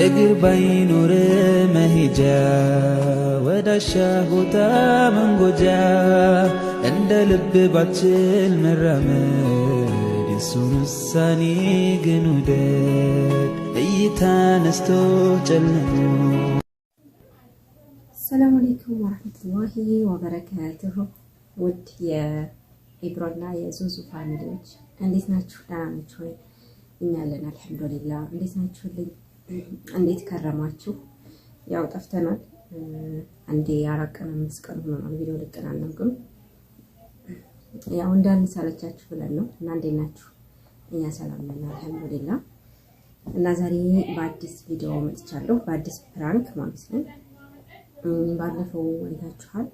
እግር ባይኖር መሄጃ ወዳሻ ቦታ መንጎጃ እንደ ልብ ባችል መራመድ የሱን ውሳኔ ግን ውደድ እይታ ነስቶ ጨለሙ። ሰላም አለይኩም ወረሕመቱላሂ ወበረካቱሁ ውድ የኢብሮና የዙዙ ፋሚሊዎች እንዴት ናችሁ? ደህና ናችሁ ወይ? እኛ አለን አልሐምዱሊላህ። እንዴት ናችሁልኝ? እንዴት ከረማችሁ? ያው ጠፍተናል። አንዴ አራት ቀን አምስት ቀን ሆኖናል ቪዲዮ ልቀን አናውቅም። ያው እንዳንሰለቻችሁ ብለን ነው እና እንዴት ናችሁ? እኛ ሰላም ነን አልሐምዱሊላህ። እና ዛሬ በአዲስ ቪዲዮ መጥቻለሁ፣ በአዲስ ፕራንክ ማለት ነው። ባለፈው አይታችኋል፣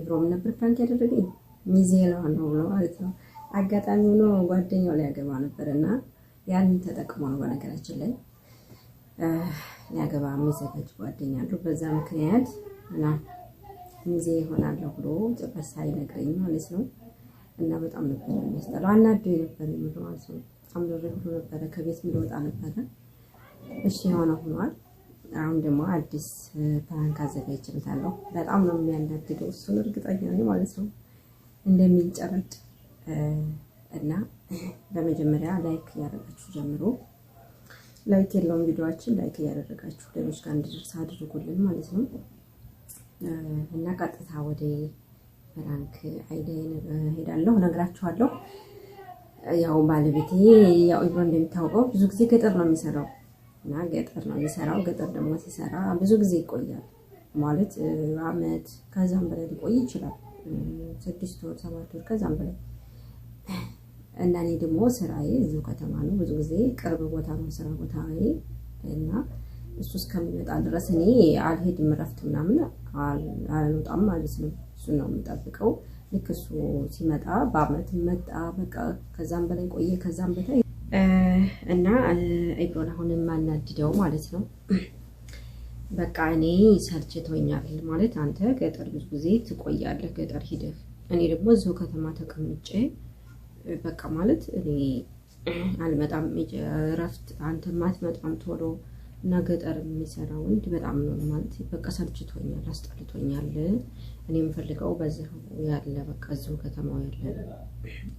ኢብሮም ነበር ፕራንክ ያደረገኝ ሚዜላ ነው ብሎ ማለት ነው። አጋጣሚ ሆኖ ጓደኛው ላይ ያገባ ነበር እና ያንን ተጠቅሞ ነው በነገራችን ላይ ሊያገባ የሚዘጋጅ ጓደኛ አለው። በዛ ምክንያት እና ሚዜ ይሆናለሁ ብሎ ጭራሽ ሳይነግረኝ ማለት ነው። እና በጣም ነበር የሚያስጠላው። አናዶኝ ነበር የምለው ማለት ነው። በጣም ደረግ ነበረ። ከቤት እንደወጣ ነበረ። እሺ የሆነ ሆኗል። አሁን ደግሞ አዲስ ፕራንክ አዘጋጅበታለሁ። በጣም ነው የሚያናድደው። እሱን እርግጠኛ ነኝ ማለት ነው እንደሚንጨረድ እና በመጀመሪያ ላይክ እያደረጋችሁ ጀምሮ ላይክ የለውም ቪዲዮችን ላይክ እያደረጋችሁ ሌሎች ጋር እንዲደርስ አድርጉልን ማለት ነው። እና ቀጥታ ወደ ራንክ አይዲያ ሄዳለሁ ነግራችኋለሁ። ያው ባለቤቴ ያው ኢብሮ እንደሚታወቀው ብዙ ጊዜ ገጠር ነው የሚሰራው እና ገጠር ነው የሚሰራው። ገጠር ደግሞ ሲሰራ ብዙ ጊዜ ይቆያል ማለት አመት ከዛም በላይ ሊቆይ ይችላል። ስድስት ወር ሰባት ወር ከዛም በላይ እና እኔ ደግሞ ስራዬ እዚሁ ከተማ ነው። ብዙ ጊዜ ቅርብ ቦታ ነው ስራ ቦታ እና እሱ እስከሚመጣ ድረስ እኔ አልሄድም፣ እረፍት ምናምን አልወጣም ማለት ነው። እሱን ነው የምጠብቀው። ልክ እሱ ሲመጣ በአመት መጣ በቃ ከዛም በላይ ቆየ፣ ከዛም በታይ እና ኤብሮን አሁን የማናድደው ማለት ነው። በቃ እኔ ሰልችቶኛል ማለት አንተ ገጠር ብዙ ጊዜ ትቆያለህ፣ ገጠር ሂደህ እኔ ደግሞ እዚሁ ከተማ ተቀምጬ በቃ ማለት እኔ አልመጣም እረፍት አንተ ማትመጣም ቶሎ እና ገጠር የሚሰራ ወንድ በጣም ነው ማለት በቃ ሰልችቶኛል፣ አስጠልቶኛል። እኔ የምፈልገው በዚህ ያለ በቃ እዚሁ ከተማው ያለ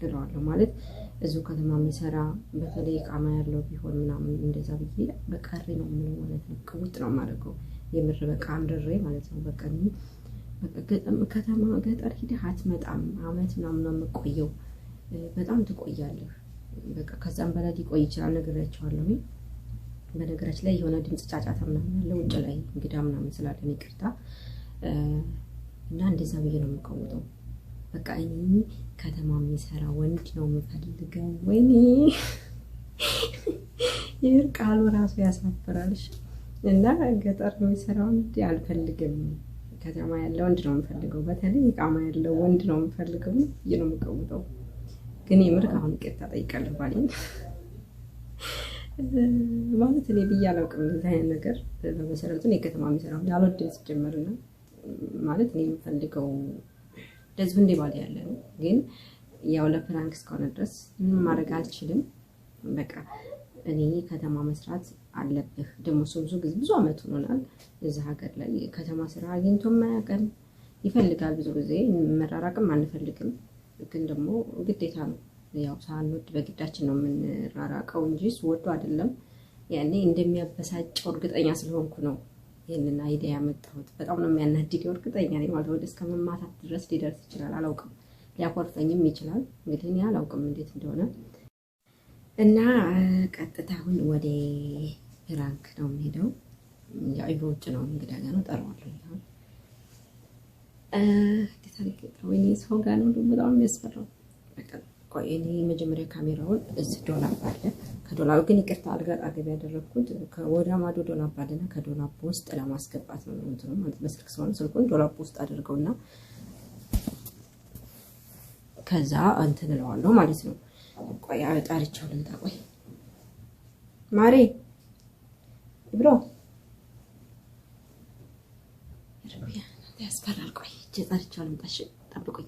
እለዋለሁ ማለት እዚሁ ከተማ የሚሰራ በተለይ ቃማ ያለው ቢሆን ምናምን እንደዛ ብዬ በቀሪ ነው ምን ማለት ነው ቅውጥ ነው ማድረገው የምር በቃ አንድሬ ማለት ነው በቃ ከተማ ገጠር ሂደህ አትመጣም አመት ምናምን ነው የምቆየው በጣም ትቆያለህ። በቃ ከዛም በላይ ሊቆይ ይችላል ነግሬያቸዋለሁ። በነገራችን ላይ የሆነ ድምፅ ጫጫታ ምናምን ያለ ውጭ ላይ እንግዳ ምናምን ስላለን ይቅርታ። እና እንደዛ ብዬ ነው የምቀውጠው። በቃ እኔ ከተማ የሚሰራ ወንድ ነው የምፈልገው። ወይኔ ይህ ቃሉ ራሱ ያሳፍራልሽ። እና ገጠር የሚሰራ ወንድ አልፈልግም። ከተማ ያለ ወንድ ነው የምፈልገው። በተለይ ቃማ ያለው ወንድ ነው የምፈልገው ነው ነው የምቀውጠው። ግን የምር አሁን ይቅርታ ጠይቃለሁ። ባሌን ማለት እኔ ብዬ አላውቅም እንደዚህ አይነት ነገር። በመሰረቱ እኔ ከተማ የሚሰራው ያልወደን ሲጀመር ነው ማለት እኔ የምፈልገው ደዝብ እንዴ ባል ያለ ነው። ግን ያው ለፕራንክ እስከሆነ ድረስ ምንም ማድረግ አልችልም። በቃ እኔ ከተማ መስራት አለብህ። ደግሞ እሱ ብዙ ጊዜ ብዙ አመት ሆኖናል እዚህ ሀገር ላይ ከተማ ስራ አግኝቶ ማያውቀን ይፈልጋል። ብዙ ጊዜ መራራቅም አንፈልግም፣ ግን ደግሞ ግዴታ ነው። ያው ሳንወድ በግዳችን ነው የምንራራቀው እንጂ ስወዱ አይደለም። ያኔ እንደሚያበሳጨው እርግጠኛ ስለሆንኩ ነው ይህንን አይዲያ ያመጣሁት። በጣም ነው የሚያናድደው እርግጠኛ ነኝ ማለት ወደ እስከ መማታት ድረስ ሊደርስ ይችላል። አላውቅም፣ ሊያኮርፈኝም ይችላል። እንግዲህ እኔ አላውቅም እንዴት እንደሆነ እና ቀጥታ ቀጥታውን ወደ ፕራንክ ነው የምሄደው። ያው ኢቭሮ ውጭ ነው እንግዳ ጋር ነው ጠራዋለሁ ይሁን እንዴት አድርጌ ወይኔ ሰው ጋር ነው ደግሞ በጣም የሚያስፈራው በቃ ቆይ እኔ መጀመሪያ ካሜራውን እዚህ ዶላብ አለ። ከዶላ ግን ይቅርታ አልጋር አገብ ያደረግኩት ወደ ማዶ ዶላብ አለና ከዶላብ ውስጥ ለማስገባት ነው እንትኑ ማለት በስልክ ስለሆነ ስልኩን ዶላብ ውስጥ አድርገውና ከዛ እንትን እለዋለሁ ማለት ነው። ቆይ ጣሪቻው ልምጣ። ቆይ ማሬ ብሎ ያስፈራል። ቆይ ጣሪቻው ልምጣ። ጠብቁኝ።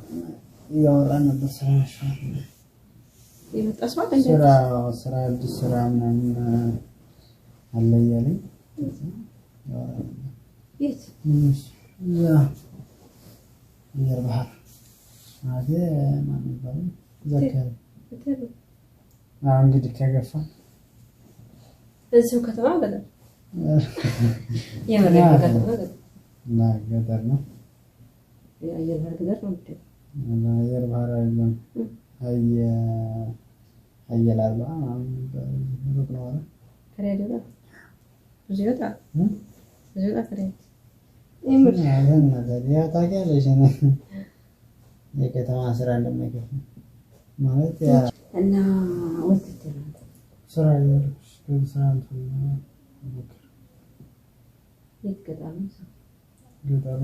እያወራን ነበር። ስራ ስራ አዲስ ስራ ምናምን አለ እያለኝ አየር ባህር ማለቴ ማን ይባላል? እዛ እንግዲህ ከገፋ እዚሁ ከተማ ገጠር የመሬት ገጠር ነው። የአየር ገጠር ነው። አየር ባህር አይደለም አየ አየር አርባ ሩቅ ነው ከሬድ ይወጣል ብዙ ይወጣል ብዙ ይወጣል ከሬድ ነገር ታውቂያለሽ፣ የከተማ ስራ እንደማይከፍል ማለት ያ እና ስራ ስራ ይገጣሉ ይገጣሉ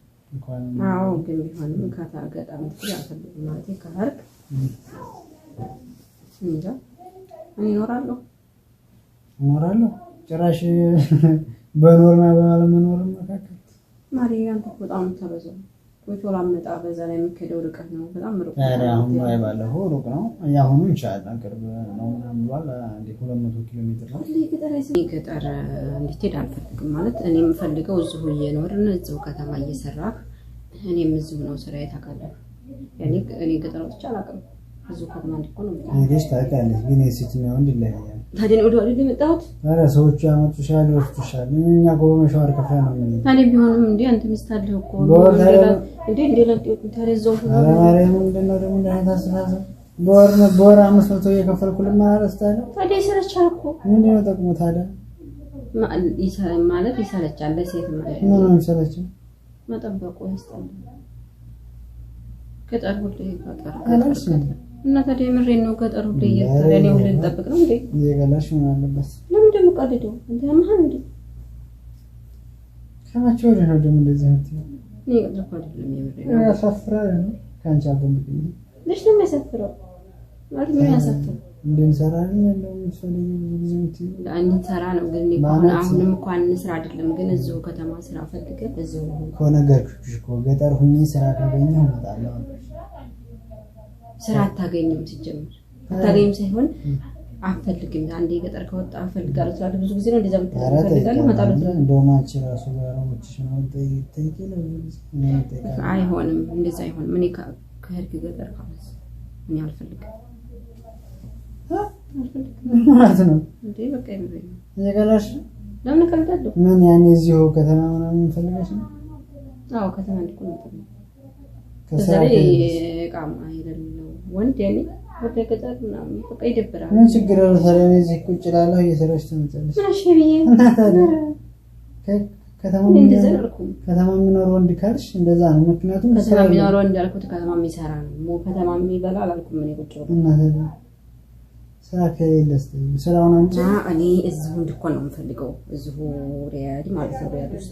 አዎ ግን ቢሆንም ከታገጣም አልፈልግም ማለት ከሀርግ እንጃ እኖራለሁ እኖራለሁ ጭራሽ በኖርና መካከል በጣም ቶሎ አመጣ። በዛ ላይ የምትሄደው ርቀት ነው፣ በጣም ሩቅ ነው። አሁን ላይ ባለፈው ሩቅ ነው። አሁኑ ይቻላል፣ ቅርብ ነው ብሏል። ሁለት መቶ ኪሎ ሜትር ነው። ገጠር እንድትሄድ አልፈልግም ማለት እኔ የምፈልገው እዚሁ እየኖርን እዚሁ ከተማ እየሰራ እኔም እዚሁ ነው ስራዬ። ታውቃለህ፣ እኔ ገጠር ወጥቼ አላውቅም። እዚሁ ከተማ እንዲሆን ነው እንግዲህ ግን የሴትና ወንድ ይለያያል። ታዲያ ወደ አይደል የመጣሁት? ኧረ ሰዎቹ ያመጡሻል፣ ይወስዱሻል። እኛ ጎበመሽ አርከፋ ነው። ታዲያ ቢሆንም እንዴ አንተ ሚስት አለህ እኮ እንዴ እንዴ ነው። እንደ በወር በወር አምስት መቶ እየከፈልኩልህ ማረስታለ። ታዲያ ይሰለቻል እኮ ምንድነው ጥቅሙ ታዲያ? ማለት ይሰለቻል። ሴት ማለት ምን ነው ይሰለቻል? መጠበቁ ያስጠላል። ከጠር ሁሉ ይፈጠራል። እና ታዲያ ነው። ገጠሩ ላይ እየተረ እኔ ልጠብቅ ነው እንዴ? እየገላሽ አለበት? ለምን ነው እንደዚህ አይደለም ነው። ነው የሚያሳፍረው ማለት ምን እንድንሰራ ነው ነው። ግን አሁን አሁንም እንኳን እንስራ አይደለም ግን እዚሁ ከተማ ስራ ፈልገን እዚሁ ከነገርኩሽ እኮ ገጠር ሁኜ ስራ ካገኘሁ እመጣለሁ። ስራ አታገኝም። ሲጀምር አታገኝም ሳይሆን አፈልግም አንዴ የገጠር ከወጣ አፈልጋለሁ ስላለ ብዙ ጊዜ ነው እንደዛ ምትፈልጋለ ምትፈልጋለሁ መጣሉ አይሆንም፣ እንደዛ አይሆንም። እኔ ከህርግ ገጠር ካመስ እኔ አልፈልግም ማለት ነው። ለምን እከብዳለሁ? ምን ያኔ እዚሁ ከተማ ምናምን ፈልገሽ ነው? አዎ ከተማ እንዲኮ ነው። ከዛ ላይ ቃማ አይደለም ወንድ ያኔ ወደ ገጠር ምናምን በቃ ይደብራል። ምን ችግር አለ ታዲያ? እኔ እዚህ ቁጭ እላለሁ እየሰራች ትመጣለች። ከተማ የሚኖር ወንድ ካልሽ እንደዛ ነው። ምክንያቱም ከተማ የሚኖር ወንድ ያልኩት ከተማ የሚሰራ ነው። ከተማ የሚበላ አላልኩም። ምን ቁጭ ስራ ከሌለ ስራውን አንቺ እኔ እዚሁ እንድኮን ነው የምፈልገው እዚሁ ሪያድ ማለት ነው ሪያድ ውስጥ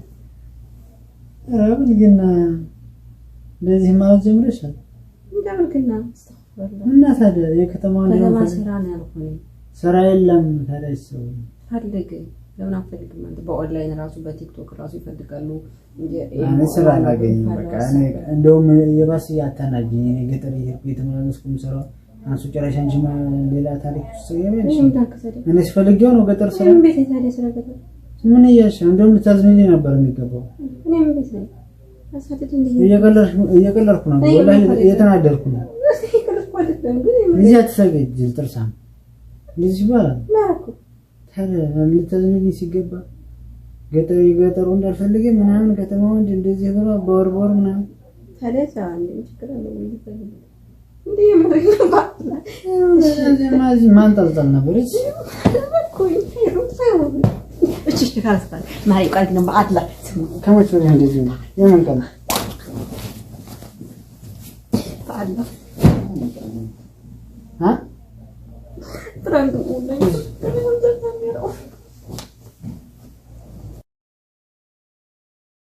ረብል ግን እንደዚህ ማለት ጀምረሻል። እንደምን ግን እና ታዲያ ስራ ነው ያልኩኝ። ስራ የለም ታዲያ ሰው ፈልግ። ለምን አትፈልግም? አንተ በኦንላይን ራሱ በቲክቶክ ራሱ ይፈልጋሉ። እኔ ስራ አላገኝም። በቃ እኔ እንደውም የባስ እኔ ገጠር እየሄድኩ የምሰራው አንሱ ሌላ ታሪክ ውስጥ እኔ ነው ገጠር ስራ። ምን እያልሽ ነው? እንደውም ልታዝኝ ነበር የሚገባው እየቀለድኩ ነው። የተናደድኩ ነው። እዚህ አትሰገድ ጥርሳ እንደዚህ ሲገባ ገጠሩ እንዳልፈልግ ምናምን ከተማ ወንድ እንደዚህ ብሎ በወር በወር ምናምን ማንጠልጠል ነበረች 魂の変化人だ。嫌なんかな